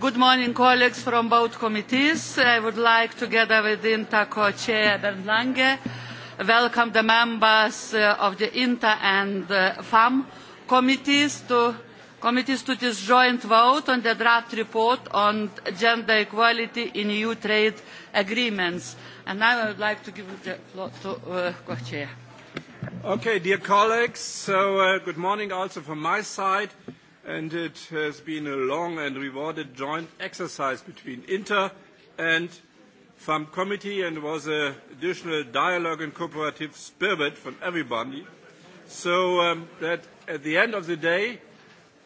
Good morning, colleagues from both committees. I would like, together with INTA co-chair Bernd Lange, welcome the members uh, of the INTA and uh, FAM committees to committees to this joint vote on the draft report on gender equality in EU trade agreements. And now I would like to give the floor to uh, co-chair. Okay, dear colleagues, so uh, good morning also from my side. And it has been a long and rewarded joint exercise between Inter and FAM Committee and was an additional dialogue and cooperative spirit from everybody. So um, that at the end of the day,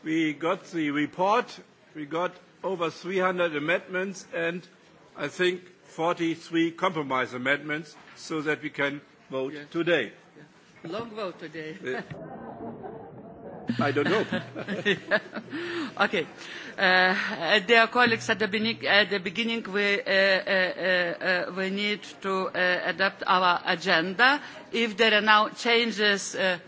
we got the report, we got over 300 amendments and I think 43 compromise amendments so that we can vote yes. today. Yes. Long vote today. Eh, I don't know. okay. Uh, dear colleagues, at the, beginning, at the beginning we, uh, uh, uh, uh, we need to uh, adapt our agenda. If there are now changes, uh,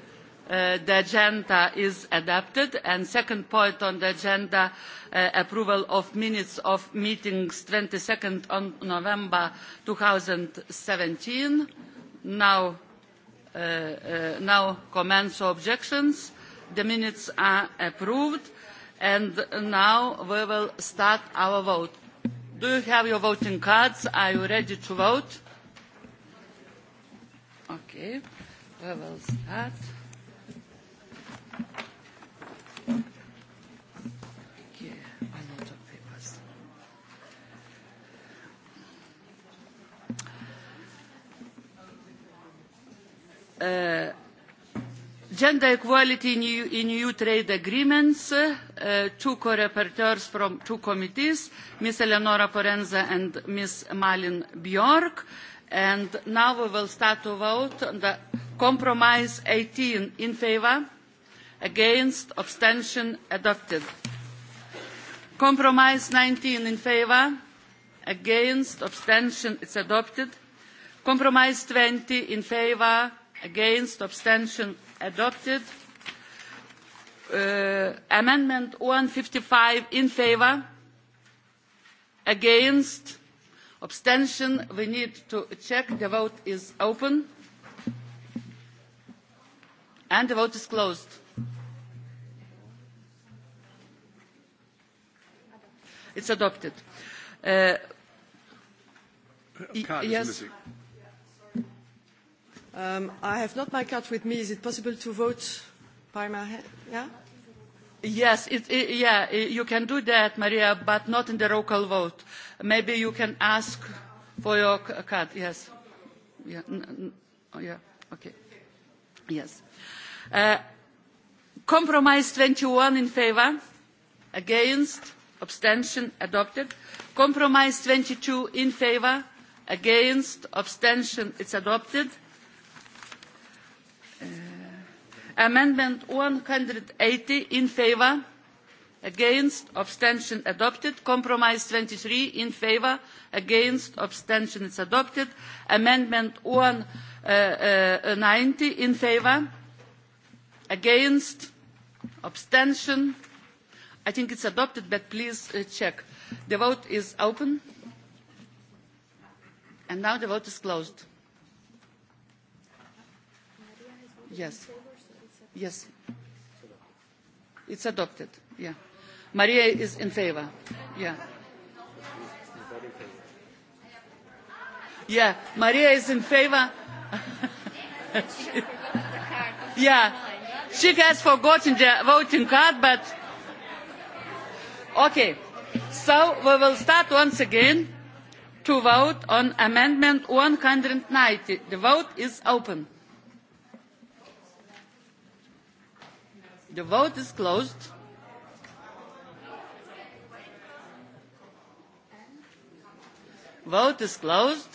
uh, the agenda is adapted. And second point on the agenda, uh, approval of minutes of meetings 22nd on November 2017. Now, uh, uh, now comments or objections. The minutes are approved. And now we will start our vote. Do you have your voting cards? Are you ready to vote? Okay, we will start. Uh, gender equality in EU, in EU trade agreements, uh, uh, two co-rapporteurs from two committees, Ms. Eleonora Forenza and Ms. Malin Bjork. And now we will start to vote on the compromise 18 in favor, against, abstention, adopted. Compromise 19 in favor, against, abstention, it's adopted. Compromise 20 in favor, against abstention adopted uh, amendment 155 in favor against abstention we need to check the vote is open and the vote is closed it's adopted uh, yes missing. Um, I have not my card with me. Is it possible to vote by my hand? Yeah? Yes, it, it, yeah, you can do that, Maria, but not in the local vote. Maybe you can ask for your card. Yes. Yeah, n n oh, yeah okay. Yes. Uh, compromise 21 in favor, against, abstention, adopted. Compromise 22 in favor, against, abstention, it's adopted. Amendment 180 in favor, against, abstention adopted. Compromise 23 in favor, against, abstention is adopted. Amendment 190 in favor, against, abstention. I think it's adopted, but please uh, check. The vote is open. And now the vote is closed. Yes. Yes. It's adopted. Yeah. Maria is in favor. Yeah. Yeah, Maria is in favor. yeah, she has forgotten the voting card, but okay. So we will start once again to vote on Amendment 190. The vote is open. The vote is closed. Vote is closed.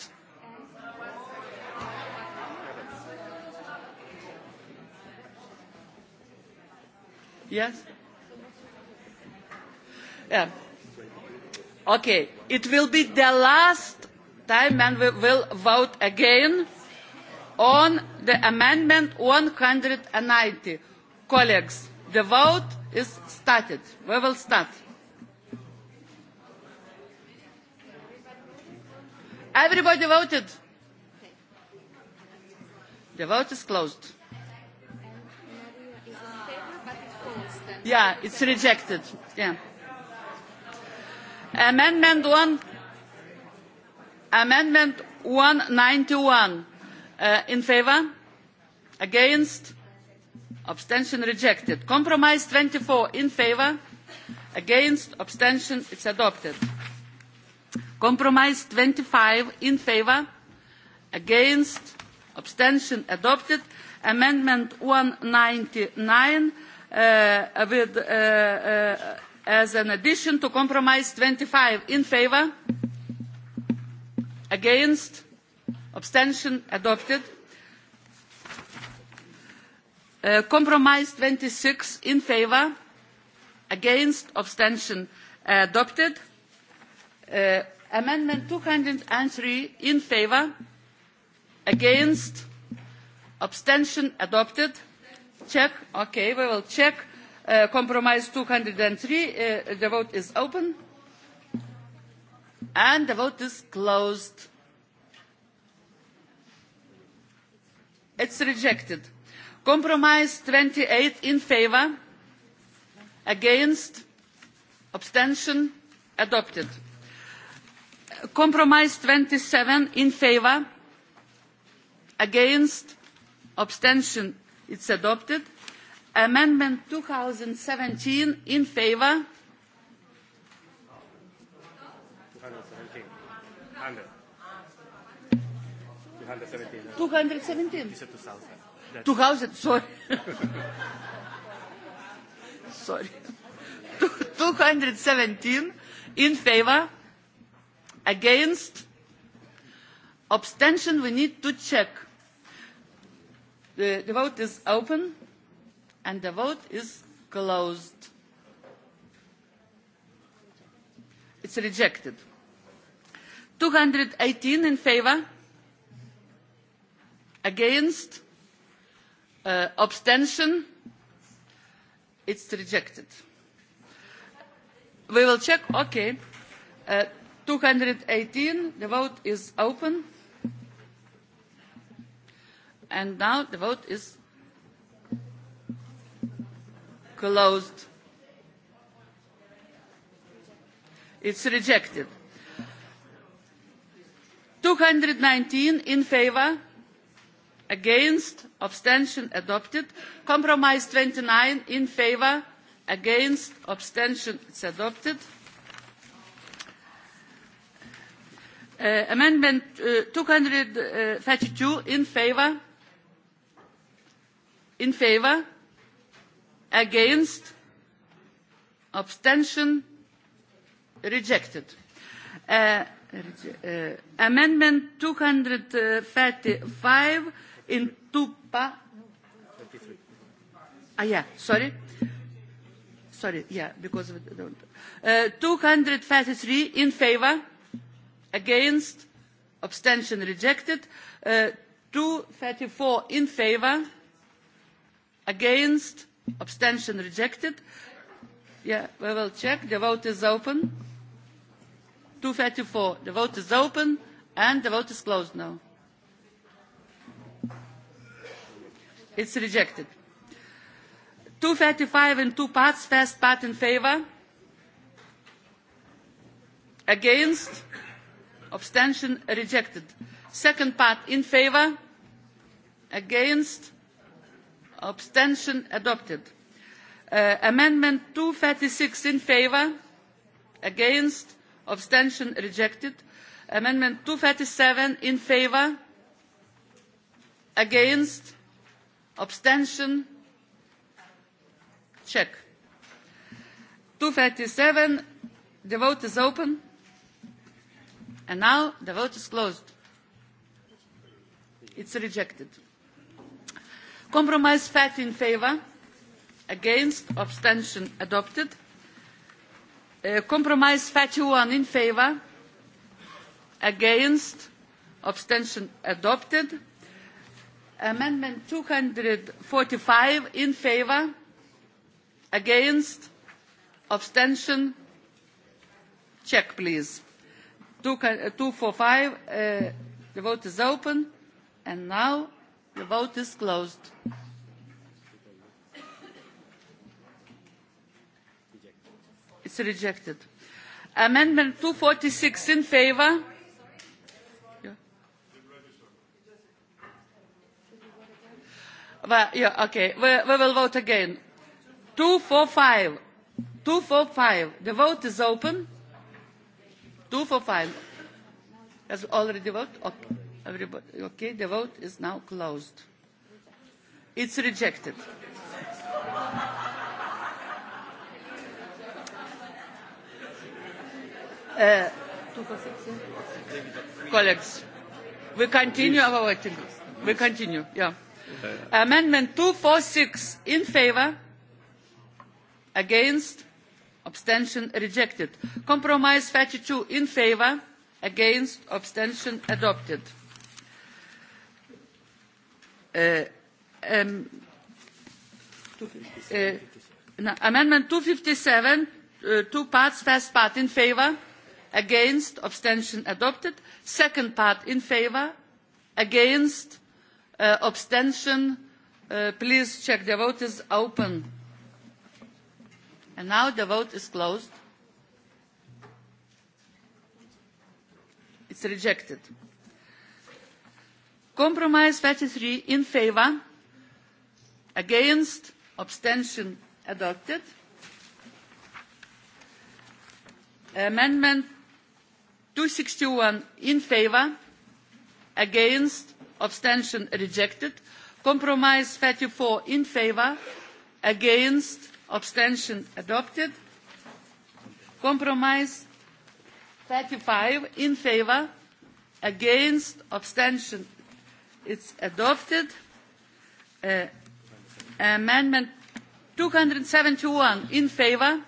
Yes? Yeah. Okay. It will be the last time and we will vote again on the amendment 190 colleagues, the vote is started. We will start. Everybody voted. The vote is closed. Yeah, it's rejected. Yeah. Amendment one. Amendment 191. Uh, in favor? Against? abstention rejected. Compromise 24 in favor, against, abstention, it's adopted. Compromise 25 in favor, against, abstention adopted. Amendment 199 uh, with, uh, uh, as an addition to compromise 25 in favor, against, abstention adopted. Uh, compromise compromise 26 in favor, against, abstention uh, adopted. Uh, amendment 203 in favor, against, abstention adopted. Check, okay, we will check. Uh, compromise 203, uh, the vote is open. And the vote is closed. It's rejected. Compromise 28 in favour, against, abstention, adopted. Compromise 27 in favour, against, abstention, it's adopted. Amendment 2017 in favour, hundred seventeen. 2000, sorry. sorry. 217 in favor, against, abstention, we need to check. The, the vote is open and the vote is closed. It's rejected. 218 in favor, against, Uh, abstention? It's rejected. We will check. Okay. Uh, 218. The vote is open. And now the vote is closed. It's rejected. 219 in favor against abstention adopted compromise twenty nine in favour against abstention it's adopted uh, amendment uh, 232 in favour in favour against abstention rejected uh, uh, amendment 235 in Tupa. Ah, yeah, sorry. Sorry, yeah, because of the, uh, 233 in favor, against, abstention rejected. Uh, 234 in favor, against, abstention rejected. Yeah, we will check. The vote is open. 234. The vote is open and the vote is closed now. It's rejected. 235 in two parts, first part in favor. Against, abstention rejected. Second part in favor. Against, abstention adopted. Uh, amendment 236 in favor. Against, abstention rejected. Amendment 237 in favor. Against, abstention check 237 the vote is open and now the vote is closed it's rejected compromise fat in favor against abstention adopted uh, compromise fat one in favor against abstention adopted Amendment 245 in favor, against, abstention, check please. 245, uh, uh, the vote is open and now the vote is closed. It's rejected. Amendment 246 in favor, Well, yeah, okay. We, we will vote again. 245. 245. The vote is open. 245. Has already voted? Okay. Everybody, okay, the vote is now closed. It's rejected. Uh, colleagues, we continue our voting. We continue, yeah. Amendment 246 in favor, against, abstention rejected. Compromise 32 in favor, against, abstention adopted. Uh, um, uh, no, amendment 257, uh, two parts, first part in favor, against, abstention adopted, second part in favor, against, Uh, abstention. Uh, please check. The vote is open. And now the vote is closed. It's rejected. Compromise 33 in favor. Against. Abstention adopted. Amendment 261 in favor. Against abstention rejected compromise thirty four in favour against abstention adopted compromise thirty five in favour against abstention it's adopted uh, amendment two hundred and seventy one in favour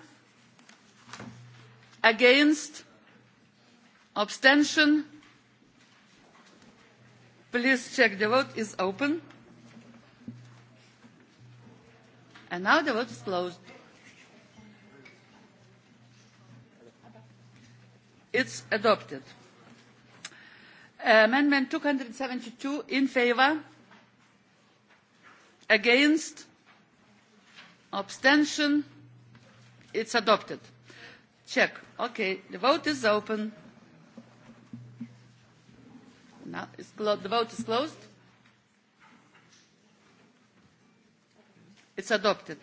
against abstention Please check the vote is open. And now the vote is closed. It's adopted. Amendment 272 in favor, against, abstention, it's adopted. Check. Okay, the vote is open. Now is the vote is closed. It's adopted.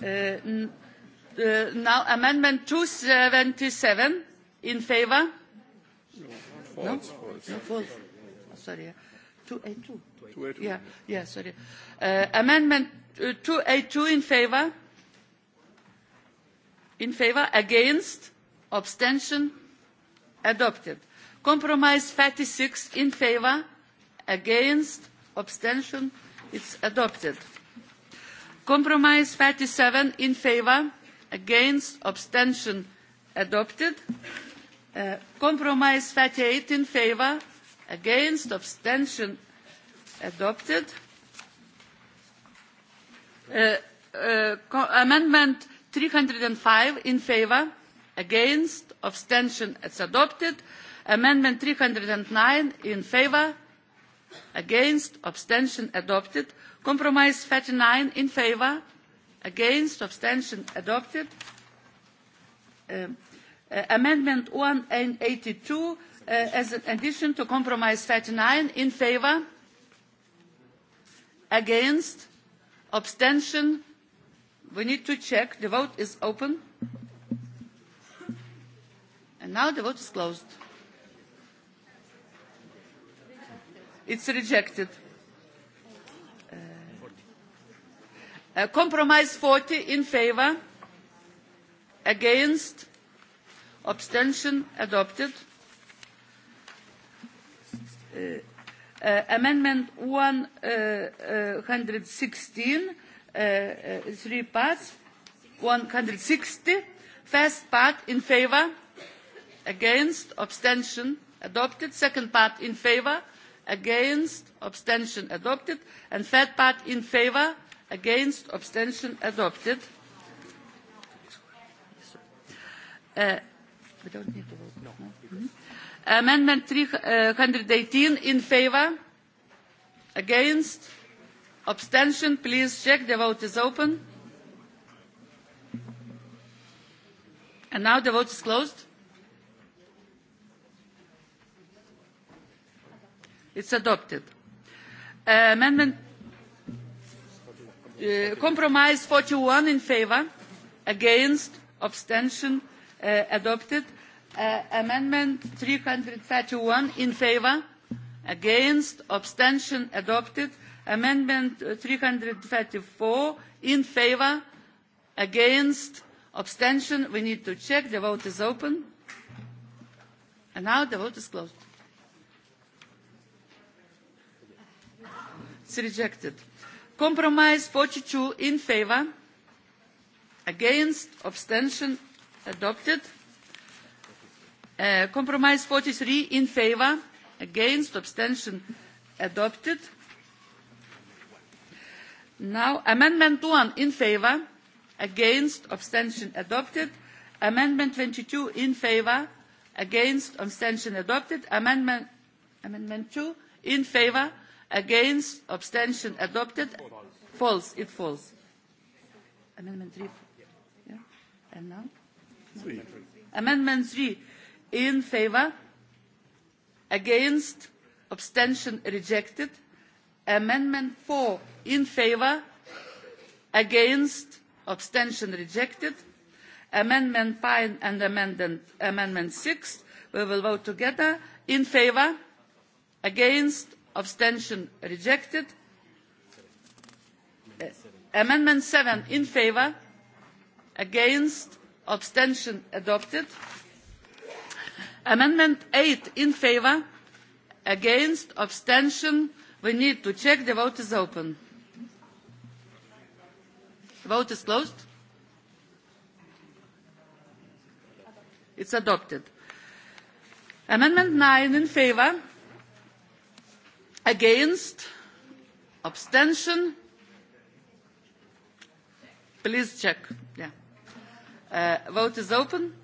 Uh, now, uh, uh, now amendment 277 in favor? No, false. No? false. No, false. Oh, sorry. 282. 282. Yeah, yeah, sorry. Uh, amendment uh, 282 in favor? In favor? Against? abstention adopted compromise six in favor against abstention it's adopted compromise seven in favor against abstention adopted uh, compromise eight in favor against abstention adopted uh, uh, amendment 305 in favor against abstention it's adopted amendment three hundred and nine in favour against abstention adopted compromise thirty nine in favour against abstention adopted uh, uh, amendment one eighty two uh, as an addition to compromise thirty nine in favour against abstention we need to check the vote is open And now the vote is closed. It's rejected. Uh, uh, compromise 40 in favor, against, abstention adopted. Uh, uh, amendment 116, uh uh, uh, uh, three parts, 160, first part in favor, against abstention adopted second part in favour against abstention adopted and third part in favour against abstention adopted uh, we don't need to vote no, no? Mm -hmm. amendment 318 in favour against abstention please check the vote is open and now the vote is closed It's adopted. amendment uh, compromise 41 in favor, against, abstention, uh, adopted. Uh, amendment 331 in favor, against, abstention, adopted. Amendment 334 in favor, against, abstention. We need to check. The vote is open. And now the vote is closed. It's rejected. Compromise 42 in favor. Against. Abstention. Adopted. Uh, compromise 43 in favor. Against. Abstention. Adopted. Now, Amendment 1 in favor. Against. Abstention. Adopted. Amendment 22 in favor. Against. Abstention. Adopted. Amendment, amendment 2 in favor against abstention adopted false it falls amendment 3 yeah. and now three. amendment 3 in favor against abstention rejected amendment 4 in favor against abstention rejected amendment 5 and amendment, amendment 6 we will vote together in favor against abstention rejected uh, amendment seven in favour against abstention adopted amendment eight in favour against abstention we need to check the vote is open the vote is closed it's adopted amendment nine in favour against abstention please check yeah uh, vote is open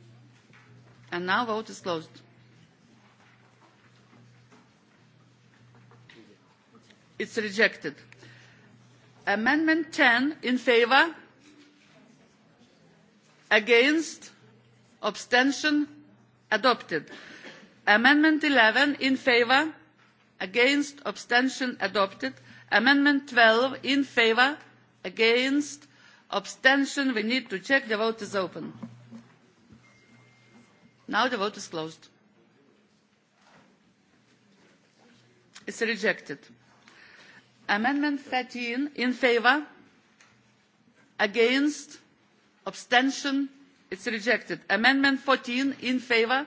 and now vote is closed it's rejected amendment 10 in favor against abstention adopted amendment 11 in favor against abstention adopted amendment twelve in favour against abstention we need to check the vote is open now the vote is closed it's rejected amendment thirteen in favour against abstention it's rejected amendment fourteen in favour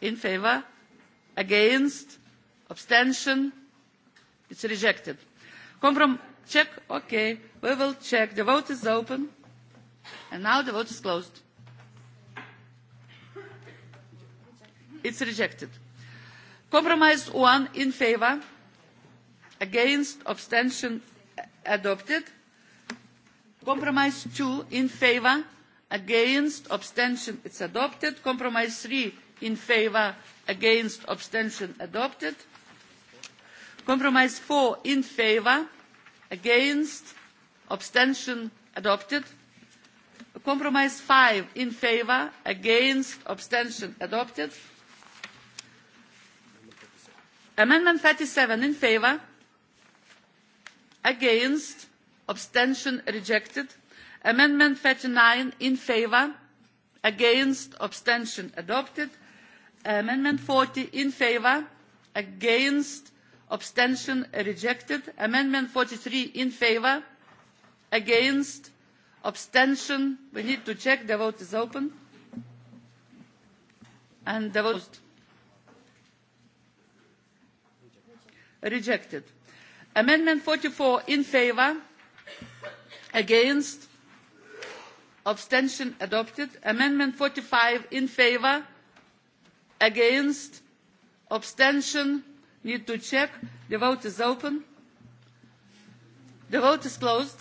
in favour against abstention it's rejected comprom check okay we will check the vote is open and now the vote is closed it's rejected compromise one in favour against abstention adopted compromise two in favour against abstention it's adopted compromise three in favour against abstention adopted compromise 4 in favour against abstention adopted compromise 5 in favour against abstention adopted amendment 37 in favour against abstention rejected amendment 39 in favour against abstention adopted Amendment 40 in favor, against, abstention rejected. Amendment 43 in favor, against, abstention. We need to check. The vote is open. And the vote rejected. Amendment 44 in favor, against, abstention adopted. Amendment 45 in favor, against abstention need to check the vote is open the vote is closed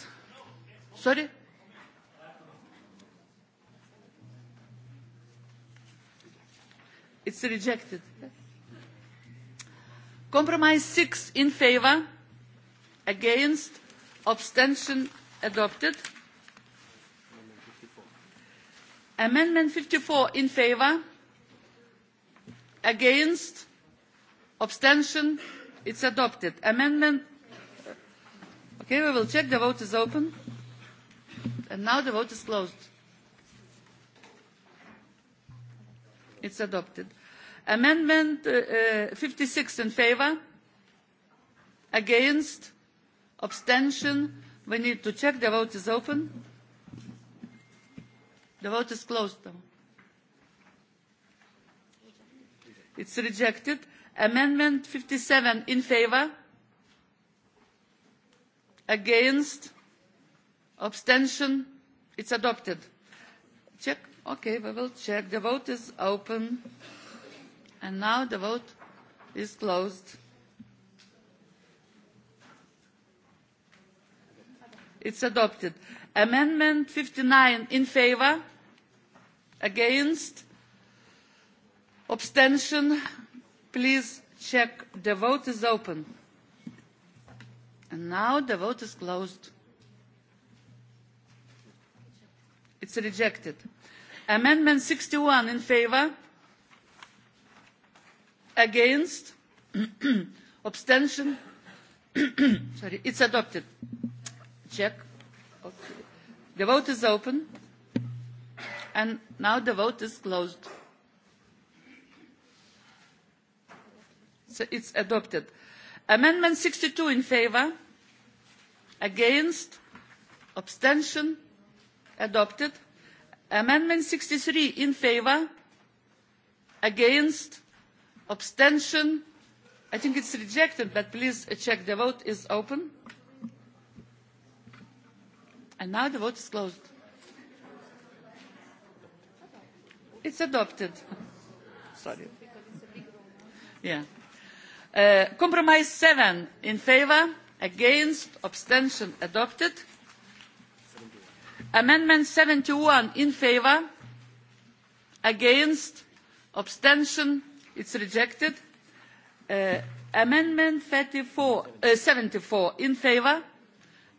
sorry it's rejected compromise six in favor against abstention adopted amendment fifty four in favor against abstention it's adopted amendment okay we will check the vote is open and now the vote is closed it's adopted amendment uh, uh, 56 in favor against abstention we need to check the vote is open the vote is closed though. It's rejected. Amendment 57 in favor. Against. Abstention. It's adopted. Check. Okay, we will check. The vote is open. And now the vote is closed. It's adopted. Amendment 59 in favor. Against abstention please check the vote is open and now the vote is closed it's rejected amendment 61 in favor against abstention sorry it's adopted check okay. the vote is open and now the vote is closed So it's adopted. Amendment 62 in favor, against, abstention, adopted. Amendment 63 in favor, against, abstention. I think it's rejected, but please check. The vote is open. And now the vote is closed. It's adopted. Sorry. Yeah. Uh, compromise seven in favour against abstention adopted amendment seventy one in favour against abstention it's rejected uh, amendment uh, seventy four in favour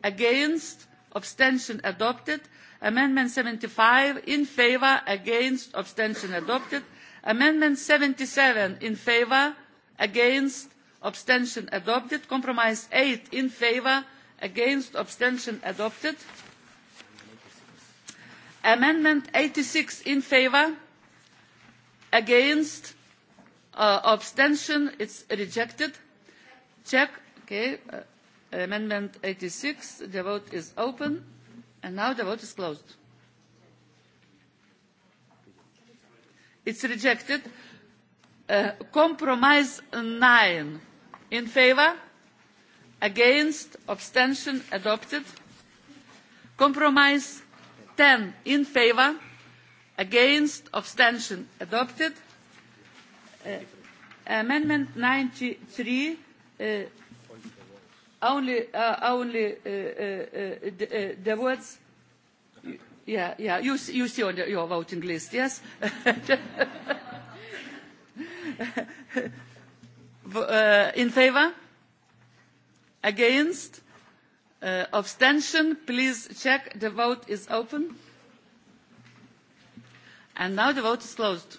against abstention adopted amendment seventy five in favour against abstention adopted amendment seventy seven in favour against abstention adopted compromise eight in favour against abstention adopted amendment eighty six in favour against uh, abstention it's rejected check okay uh, amendment eighty six the vote is open and now the vote is closed it's rejected Eh, compromise 9 in favor against abstention adopted compromise 10 in favor against abstention adopted uh, amendment 93 uh, eh, only uh, only uh, uh, the, uh, the words yeah yeah you you see on the, your voting list yes uh, in favor? Against? Uh, abstention? Please check. The vote is open. And now the vote is closed.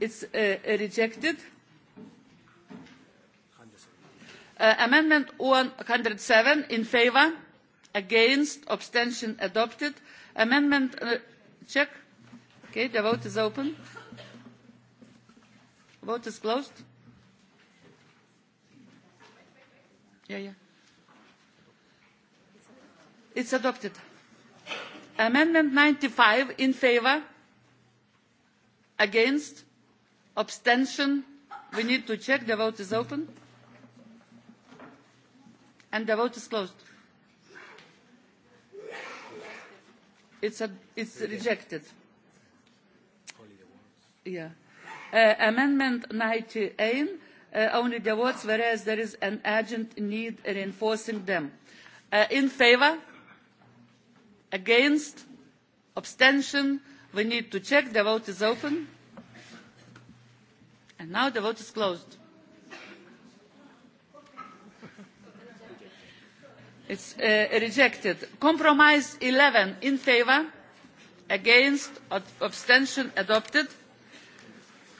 It's uh, rejected. Uh, amendment 107 in favor, against, abstention adopted. Amendment, uh, check. Okay, the vote is open. Vote is closed. Yeah, yeah. It's adopted. Amendment 95 in favor, against, abstention. We need to check. The vote is open. And the vote is closed. It's, a, it's rejected. Yeah. Uh, amendment 98, uh, only the words, whereas there is an urgent need reinforcing them. Uh, in favor? Against? Abstention? We need to check. The vote is open. And now the vote is closed. It's uh, rejected. Compromise 11 in favor, against, abstention adopted.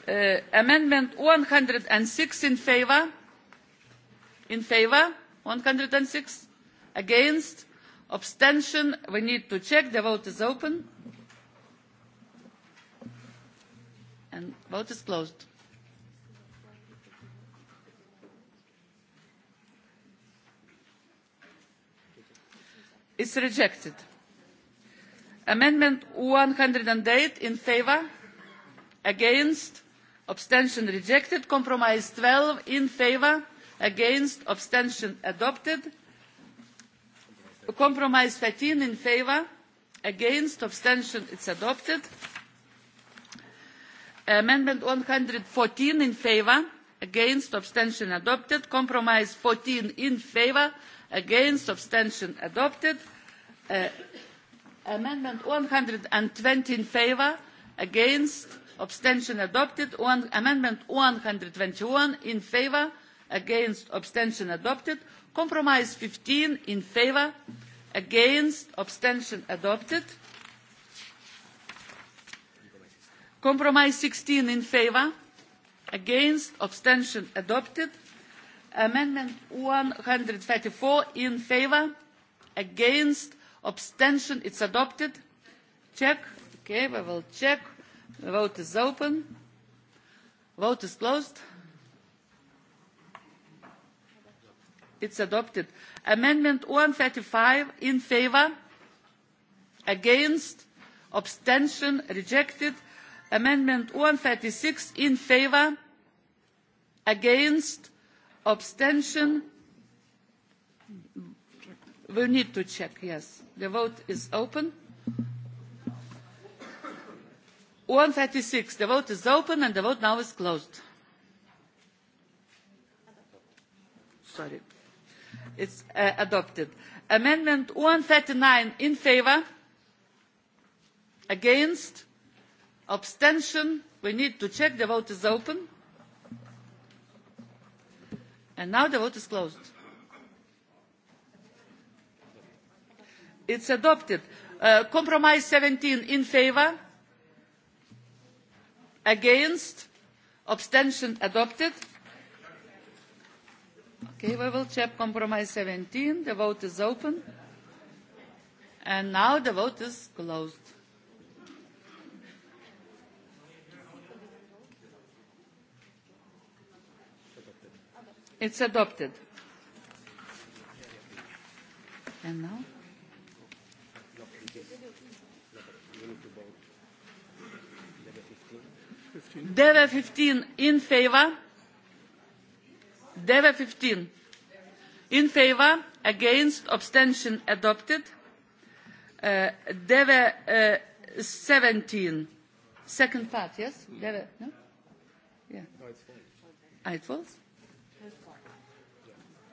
Uh, amendment 106 in favor, in favor, 106, against, abstention, we need to check, the vote is open. And vote is closed. is rejected. Amendment 108 in favor, against, abstention rejected. Compromise 12 in favor, against, abstention adopted. Compromise 13 in favor, against, abstention it's adopted. Amendment 114 in favor, against abstention adopted compromise fourteen in favour against abstention adopted uh, amendment one hundred and twenty in favour against abstention adopted one, amendment one hundred and twenty one in favour against abstention adopted compromise fifteen in favour against abstention adopted compromise sixteen in favour against abstention adopted amendment 134 in favor against abstention it's adopted check okay we will check the vote is open vote is closed it's adopted amendment 135 in favor against abstention rejected Amendment one hundred and thirty six in favour, against, abstention. We need to check, yes. The vote is open. One hundred and thirty six. The vote is open and the vote now is closed. Sorry. It's uh, adopted. Amendment one hundred and thirty nine in favour, against, abstention we need to check the vote is open and now the vote is closed it's adopted uh, compromise 17 in favor against abstention adopted okay we will check compromise 17 the vote is open and now the vote is closed It's adopted. And now? Deve 15 in favor. Deve 15 in favor, against, abstention adopted. Uh, Deve uh, 17, second part, yes? Deve, no? Yeah. No, it's false. Ah, it false?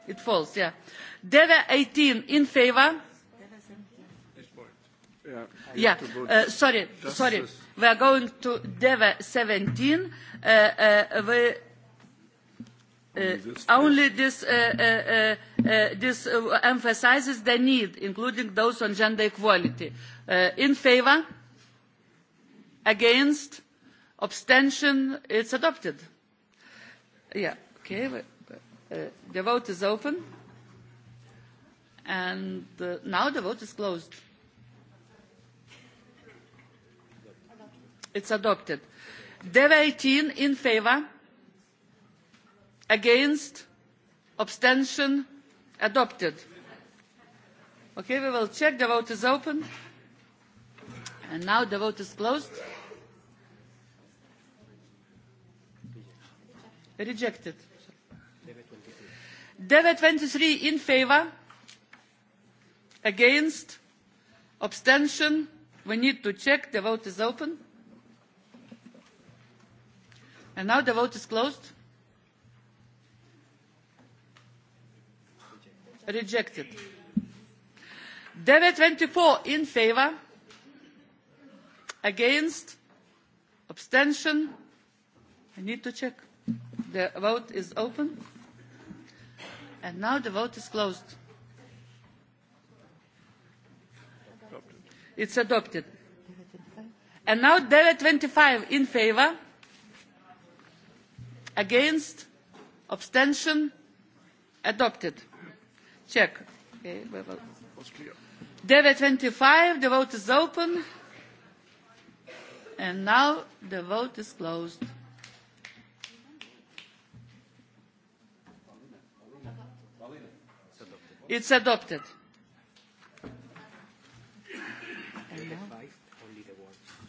It falls, yeah. Deva 18 in favor. Yeah, yeah. Uh, sorry, Justice. sorry. We are going to Deva 17. Uh, uh, we, uh, only this, uh, uh, uh, uh, this uh, emphasizes the need, including those on gender equality. Uh, in favor? Against? Abstention? It's adopted. Yeah, okay. Uh, the vote is open. And uh, now the vote is closed. It's adopted. were 18 in favor, against, abstention, adopted. Okay, we will check. The vote is open. And now the vote is closed. Rejected. David 23 in favor, against, abstention. We need to check. The vote is open. And now the vote is closed. Rejected. David 24 in favor, against, abstention. I need to check. The vote is open. And now the vote is closed. Adopted. It's adopted. And now there 25 in favor, against, abstention, adopted. Check. Okay, we will. Was 25, the vote is open. And now the vote is closed. It's adopted. And now,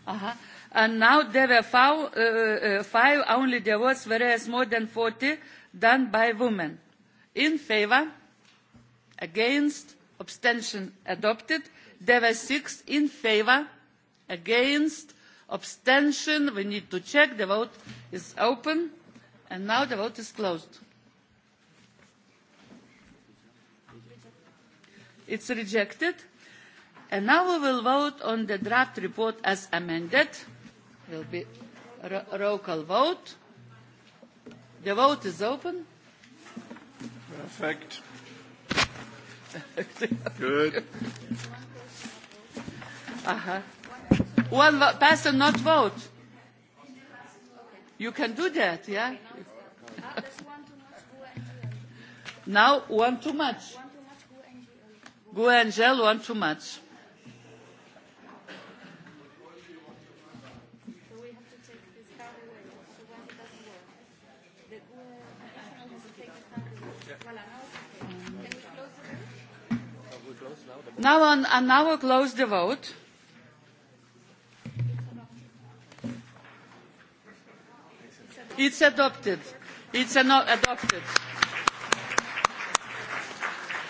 uh -huh. and now there were five, uh, uh, five only there was, whereas more than 40 done by women. In favor, against, abstention adopted. There were six in favor, against, abstention. We need to check. The vote is open. And now the vote is closed. It's rejected. And now we will vote on the draft report as amended. Will be roll call vote. The vote is open. Perfect. Good. Uh-huh. One person not vote. You can do that, yeah? now one too much. Gue one too much. Now on, and now we'll close the vote. It's adopted. It's an adopted.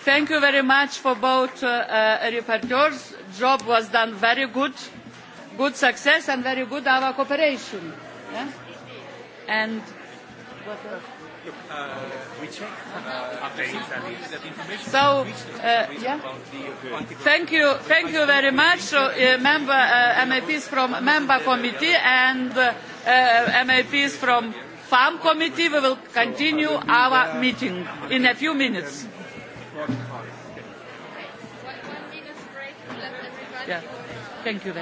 Thank you very much for both uh, uh, reporters. Job was done very good, good success and very good our cooperation. Yeah? And what Look, uh, we uh, that information so, uh, yeah. Uh, thank you, thank you very much, so, uh, member uh, MAPs from member committee and uh, uh MAPs from farm committee. We will continue our meeting in a few minutes. Thank you very